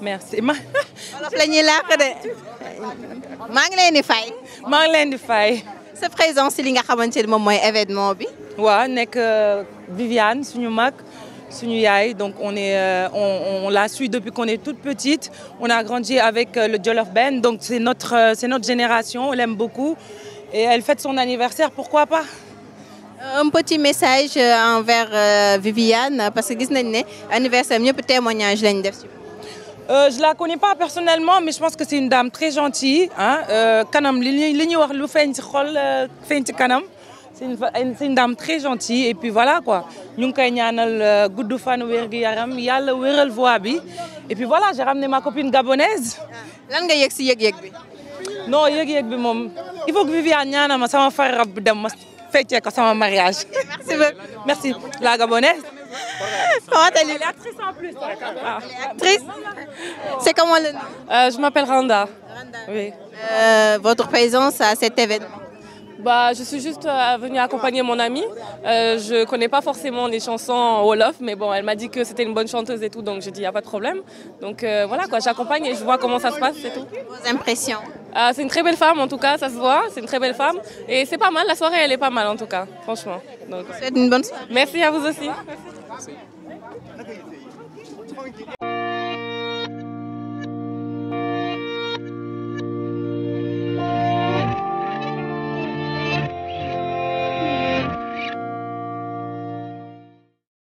merci ma. wolof la ñuy làkk de. maa ngi leen di fay. maa ngi leen di fay. sa présence li nga xamante ni moom mooy événement bi. waaw nekk euh, Viviane suñu mag suñu yaay donc on est euh, on la suit depuis qu'on est toute petite on a grandi avec euh, le Jolof Band donc c'est c'est notre génération on l'aime beaucoup et elle fête son anniversaire pourquoi pas. un petit message euh, envers euh, Viviane parce que gis nañ ne anniversaire ñëpp témoignage lañ def. Euh, je la connais pas personnellement mais je pense que c'est une dame très gentille ah kanam li ñuy li ñuy wax lu feeñ ci xol feeñ ci kanam. c'est une c'est une dame très gentille et voilà quoi ñu ngi koy ñaanal gudd fan wér gu yaram yàlla wéral voix bi et puis voilà j'ai ramené ma copine gabonaise. lan nga yeg si yëg-yëg bi. non yëg-yëg bi moom il ma sama farab dem ma. feccee ko sama mariage. merci beaucoup merci la gabonaise. comment elle est actrice en plus. waaw actrice. Ah. c'est comment le nom. Euh, je m'appelle Randa. Randa oui. Euh, votre présence à cet événement. Bah, je suis juste euh, venue accompagner mon amie. Euh, je connais pas forcément les chansons mais elle m'a dit que c'était une bonne chanteuse et tout, donc j'ai dit, il n'y a pas de problème. Donc euh, voilà, quoi, j'accompagne et je vois comment ça se passe, c'est tout. Ah, c'est une très belle femme, en tout cas, ça se voit, c'est une très belle femme. Et c'est pas mal, la soirée, elle est pas mal, en tout cas, franchement. Merci à vous aussi.